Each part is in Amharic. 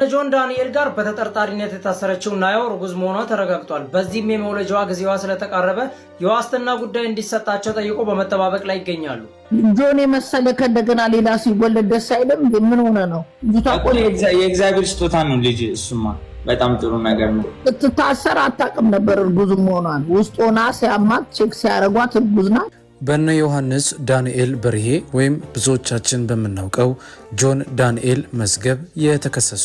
ከጆን ዳንኤል ጋር በተጠርጣሪነት የታሰረችው ናያር እርጉዝ መሆኗ ተረጋግጧል። በዚህም የመውለጃዋ ጊዜዋ ስለተቃረበ የዋስትና ጉዳይ እንዲሰጣቸው ጠይቆ በመጠባበቅ ላይ ይገኛሉ። ጆን የመሰለ ከእንደገና ሌላ ሲወለድ ደስ አይልም። ምን ሆነ ነው? የእግዚአብሔር ስጦታ ነው ልጅ። እሱማ በጣም ጥሩ ነገር ነው። ስትታሰር አታውቅም ነበር እርጉዝ መሆኗን። ውስጥ ሆና ሲያማት ቼክ ሲያደርጓት እርጉዝ ናት። በነ ዮሐንስ ዳንኤል በርሄ ወይም ብዙዎቻችን በምናውቀው ጆን ዳንኤል መዝገብ የተከሰሱ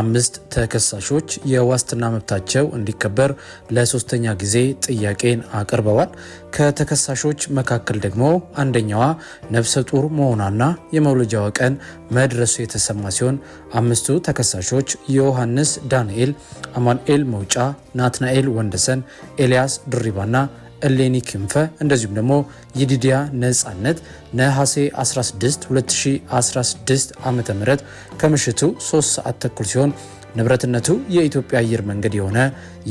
አምስት ተከሳሾች የዋስትና መብታቸው እንዲከበር ለሶስተኛ ጊዜ ጥያቄን አቅርበዋል። ከተከሳሾች መካከል ደግሞ አንደኛዋ ነፍሰ ጡር መሆኗና የመውለጃዋ ቀን መድረሱ የተሰማ ሲሆን አምስቱ ተከሳሾች ዮሐንስ ዳንኤል፣ አማኑኤል መውጫ፣ ናትናኤል ወንደሰን፣ ኤልያስ ድሪባና እሌኒ ክንፈ እንደዚሁም ደግሞ የዲዲያ ነጻነት ነሐሴ 16 2016 ዓ ም ከምሽቱ 3 ሰዓት ተኩል ሲሆን ንብረትነቱ የኢትዮጵያ አየር መንገድ የሆነ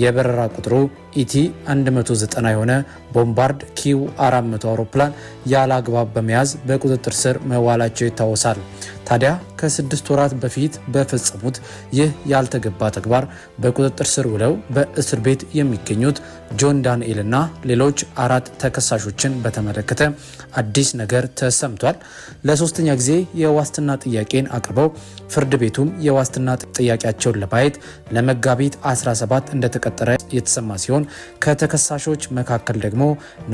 የበረራ ቁጥሩ ኢቲ 190 የሆነ ቦምባርድ ኪው 400 አውሮፕላን ያለ አግባብ በመያዝ በቁጥጥር ስር መዋላቸው ይታወሳል። ታዲያ ከስድስት ወራት በፊት በፈጸሙት ይህ ያልተገባ ተግባር በቁጥጥር ስር ውለው በእስር ቤት የሚገኙት ጆን ዳንኤል እና ሌሎች አራት ተከሳሾችን በተመለከተ አዲስ ነገር ተሰምቷል። ለሶስተኛ ጊዜ የዋስትና ጥያቄን አቅርበው ፍርድ ቤቱም የዋስትና ጥያቄያቸውን ለማየት ለመጋቢት 17 እንደተቀጠረ የተሰማ ሲሆን ከተከሳሾች መካከል ደግሞ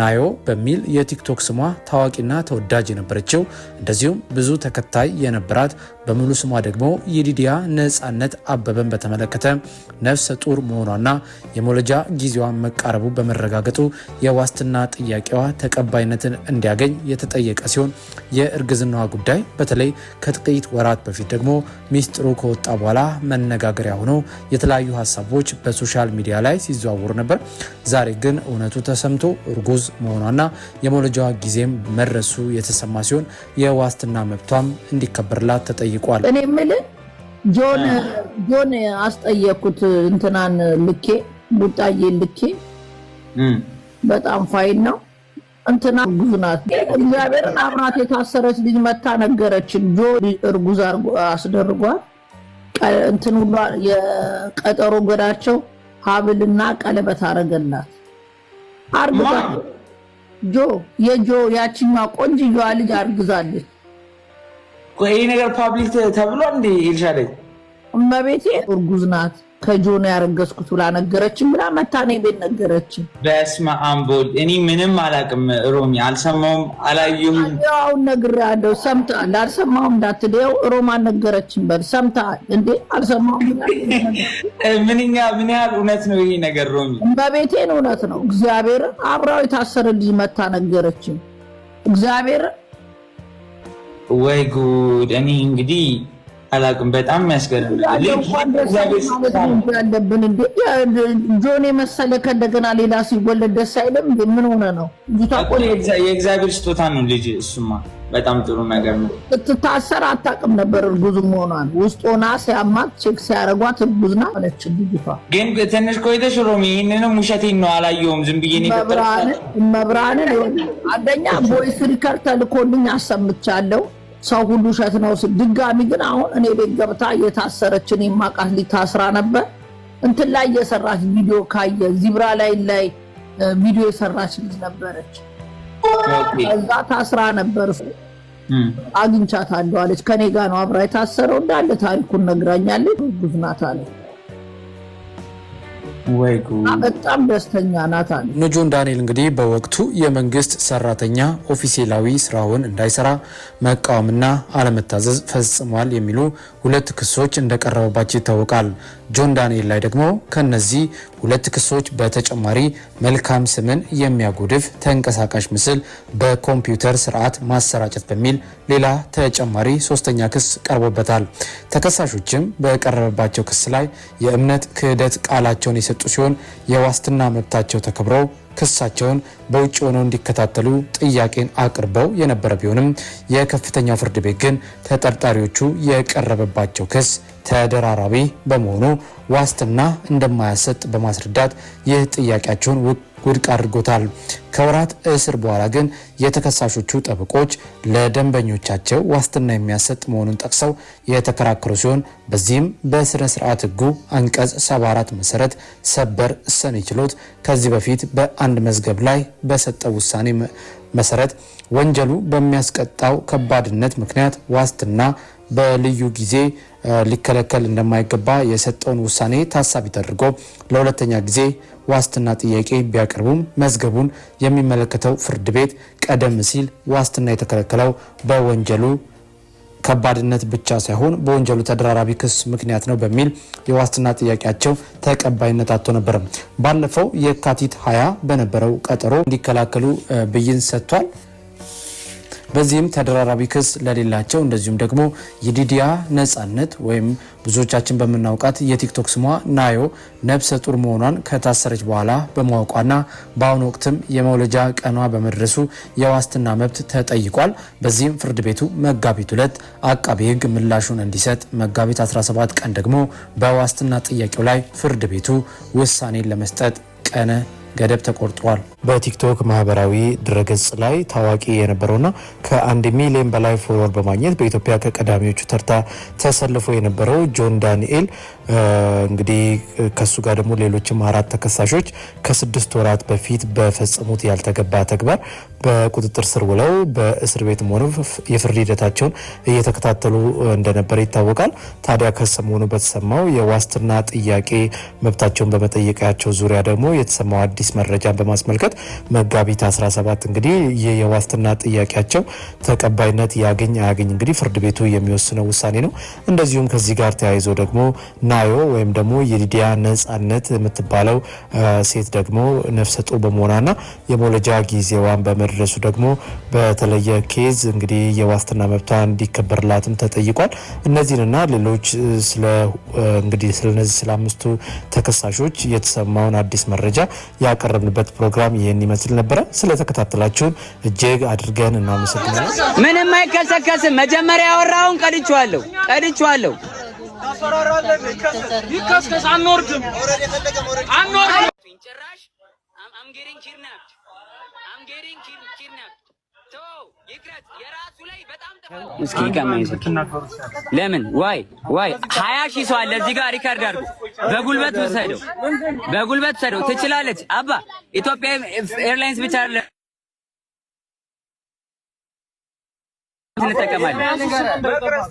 ናዮ በሚል የቲክቶክ ስሟ ታዋቂና ተወዳጅ የነበረችው እንደዚሁም ብዙ ተከታይ የነበ ብራት በሙሉ ስሟ ደግሞ የዲዲያ ነፃነት አበበን በተመለከተ ነፍሰ ጡር መሆኗና የመውለጃ ጊዜዋ መቃረቡ በመረጋገጡ የዋስትና ጥያቄዋ ተቀባይነትን እንዲያገኝ የተጠየቀ ሲሆን የእርግዝናዋ ጉዳይ በተለይ ከጥቂት ወራት በፊት ደግሞ ሚስጥሩ ከወጣ በኋላ መነጋገሪያ ሆኖ የተለያዩ ሀሳቦች በሶሻል ሚዲያ ላይ ሲዘዋወሩ ነበር። ዛሬ ግን እውነቱ ተሰምቶ እርጉዝ መሆኗና የመውለጃዋ ጊዜም መድረሱ የተሰማ ሲሆን የዋስትና መብቷም እንዲከበርላት ተጠይቋል። ጠይቋል። እኔ ምል ጆን ጆን አስጠየቅኩት እንትናን ልኬ ቡጣዬ ልኬ በጣም ፋይን ነው እንትና እርጉዝ ናት። እግዚአብሔርን አብራት የታሰረች ልጅ መታ ነገረችን። ጆ እርጉዝ አስደርጓል። እንትን ሁሉ የቀጠሮ ገዳቸው ሀብልና ቀለበት አረገላት። አርግዛ ጆ የጆ ያችኛዋ ቆንጅየዋ ልጅ አርግዛለች። ይሄ ነገር ፓብሊክ ተብሎ እንደ ኤልሻዳይ እመቤቴ እርጉዝ ናት ከጆን ያረገዝኩት ብላ ነገረችን ብላ መታኔ ቤት ነገረችን። በስመ አብ እኔ ምንም አላቅም። ሮሚ አልሰማውም አላየሁም። አሁን ነግሬሃለሁ፣ ሰምተሃል። አልሰማሁም እንዳትደው ሮማን ነገረችን በል። ሰምተሃል እንዴ? አልሰማሁም። ምንኛ ምን ያህል እውነት ነው ይሄ ነገር ሮሚ? በቤቴን እውነት ነው። እግዚአብሔር አብራው የታሰረ ልጅ መታ ነገረችን። እግዚአብሔርን ወይ ጉድ! እኔ እንግዲህ አላውቅም። በጣም የሚያስገርም ያለብን ጆን የመሰለ ከእንደገና ሌላ ሲወለድ ደስ አይልም። ምን ሆነ ነው? የእግዚአብሔር ስጦታ ነው ልጅ። እሱማ በጣም ጥሩ ነገር ነው። ስትታሰር አታውቅም ነበር እርጉዝ መሆኗን። ውስጥ ሆና ሲያማት ቼክ ሲያደርጓት እርጉዝ ናት አለች ልጅቷ። ግን ትንሽ ቆይተሽ ሮሚ፣ ይህንንም ውሸቴን ነው አላየሁም፣ ዝም ብዬ መብርሃንን አንደኛ ቮይስ ሪከርድ ተልኮልኝ አሰምቻለሁ ሰው ሁሉ ውሸት ነው። ድጋሚ ግን አሁን እኔ ቤት ገብታ የታሰረችን የማቃት ሊታስራ ነበር እንትን ላይ የሰራች ቪዲዮ ካየ ዚብራ ላይ ላይ ቪዲዮ የሰራች ልጅ ነበረች። እዛ ታስራ ነበር። አግኝቻታለሁ አለች። ከኔ ጋ ነው አብራ የታሰረው እንዳለ ታሪኩን ነግራኛለች። ጉዝናት አለች። በጣም ደስተኛ ናት። ንጁን ዳንኤል እንግዲህ በወቅቱ የመንግስት ሰራተኛ ኦፊሴላዊ ስራውን እንዳይሰራ መቃወምና አለመታዘዝ ፈጽሟል የሚሉ ሁለት ክሶች እንደቀረበባቸው ይታወቃል። ጆን ዳንኤል ላይ ደግሞ ከነዚህ ሁለት ክሶች በተጨማሪ መልካም ስምን የሚያጎድፍ ተንቀሳቃሽ ምስል በኮምፒውተር ስርዓት ማሰራጨት በሚል ሌላ ተጨማሪ ሶስተኛ ክስ ቀርቦበታል። ተከሳሾችም በቀረበባቸው ክስ ላይ የእምነት ክህደት ቃላቸውን የሰጡ ሲሆን የዋስትና መብታቸው ተከብረው ክሳቸውን በውጭ ሆነው እንዲከታተሉ ጥያቄን አቅርበው የነበረ ቢሆንም የከፍተኛው ፍርድ ቤት ግን ተጠርጣሪዎቹ የቀረበባቸው ክስ ተደራራቢ በመሆኑ ዋስትና እንደማያሰጥ በማስረዳት ይህ ጥያቄያቸውን ውድቅ አድርጎታል። ከወራት እስር በኋላ ግን የተከሳሾቹ ጠበቆች ለደንበኞቻቸው ዋስትና የሚያሰጥ መሆኑን ጠቅሰው የተከራከሩ ሲሆን በዚህም በስነ ስርዓት ህጉ አንቀጽ 74 መሰረት ሰበር ሰኔ ችሎት ከዚህ በፊት በአንድ መዝገብ ላይ በሰጠው ውሳኔ መሰረት ወንጀሉ በሚያስቀጣው ከባድነት ምክንያት ዋስትና በልዩ ጊዜ ሊከለከል እንደማይገባ የሰጠውን ውሳኔ ታሳቢ ተደርጎ ለሁለተኛ ጊዜ ዋስትና ጥያቄ ቢያቀርቡም መዝገቡን የሚመለከተው ፍርድ ቤት ቀደም ሲል ዋስትና የተከለከለው በወንጀሉ ከባድነት ብቻ ሳይሆን በወንጀሉ ተደራራቢ ክስ ምክንያት ነው በሚል የዋስትና ጥያቄያቸው ተቀባይነት አጥቶ ነበርም። ባለፈው የካቲት ሀያ በነበረው ቀጠሮ እንዲከላከሉ ብይን ሰጥቷል። በዚህም ተደራራቢ ክስ ለሌላቸው እንደዚሁም ደግሞ የዲዲያ ነጻነት ወይም ብዙዎቻችን በምናውቃት የቲክቶክ ስሟ ናዮ ነብሰ ጡር መሆኗን ከታሰረች በኋላ በማወቋና በአሁኑ ወቅትም የመውለጃ ቀኗ በመድረሱ የዋስትና መብት ተጠይቋል። በዚህም ፍርድ ቤቱ መጋቢት ሁለት አቃቢ ሕግ ምላሹን እንዲሰጥ መጋቢት 17 ቀን ደግሞ በዋስትና ጥያቄው ላይ ፍርድ ቤቱ ውሳኔን ለመስጠት ቀነ ገደብ ተቆርጧል። በቲክቶክ ማህበራዊ ድረገጽ ላይ ታዋቂ የነበረውና ከአንድ ሚሊዮን በላይ ፎሎወር በማግኘት በኢትዮጵያ ከቀዳሚዎቹ ተርታ ተሰልፎ የነበረው ጆን ዳንኤል እንግዲህ ከሱ ጋር ደግሞ ሌሎችም አራት ተከሳሾች ከስድስት ወራት በፊት በፈጸሙት ያልተገባ ተግባር በቁጥጥር ስር ውለው በእስር ቤትም ሆነ የፍርድ ሂደታቸውን እየተከታተሉ እንደነበረ ይታወቃል። ታዲያ ከሰሞኑ በተሰማው የዋስትና ጥያቄ መብታቸውን በመጠየቃቸው ዙሪያ ደግሞ የተሰማው አዲስ አዲስ መረጃን በማስመልከት መጋቢት 17 እንግዲህ ይህ የዋስትና ጥያቄያቸው ተቀባይነት ያገኝ አያገኝ እንግዲህ ፍርድ ቤቱ የሚወስነው ውሳኔ ነው። እንደዚሁም ከዚህ ጋር ተያይዞ ደግሞ ናዮ ወይም ደግሞ የሊዲያ ነጻነት የምትባለው ሴት ደግሞ ነፍሰ ጡር በመሆኗና የመውለጃ ጊዜዋን በመድረሱ ደግሞ በተለየ ኬዝ እንግዲህ የዋስትና መብቷ እንዲከበርላትም ተጠይቋል። እነዚህንና ሌሎች ስለ እንግዲህ ስለነዚህ ስለ አምስቱ ተከሳሾች የተሰማውን አዲስ መረጃ ያቀረብንበት ፕሮግራም ይህን ይመስል ነበረ። ስለተከታተላችሁን እጅግ አድርገን እናመሰግናለን። ምንም አይከሰከስም። መጀመሪያ ያወራውን ቀድቼዋለሁ ቀድቼዋለሁ። አንወርድም እስኪ ለምን ዋይ ዋይ፣ ሀያ ሺህ ሰው አለ እዚህ ጋር ሪከርድ አድርጉ። በጉልበት ውሰደው፣ በጉልበት ውሰደው። ትችላለች። አባ ኢትዮጵያ ኤርላይንስ ብቻ አለ እንጠቀማለን።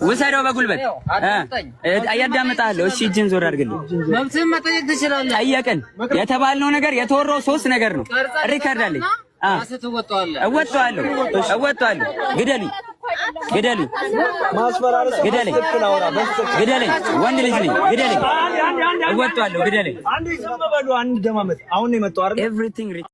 ውሰደው በጉልበት እያዳምጣለሁ። እሺ እጅን ዞር አድርግልኝ። መብትህን መጠየቅ ትችላለህ። ጠየቅን የተባልነው ነገር የተወራው ሶስት ነገር ነው። ሪከርድ አለኝ እወጣዋለሁ እወጣዋለሁ። ግደሉኝ ግደሉኝ ግደሉኝ ግደሉኝ፣ ወንድ ልጅ ነኝ ግደሉኝ፣ እወጣዋለሁ ግደሉኝ። አንዴ ዝም በሉ አንደማመጥ። አሁን ነው የመጣው አይደል? ኤቭሪቲንግ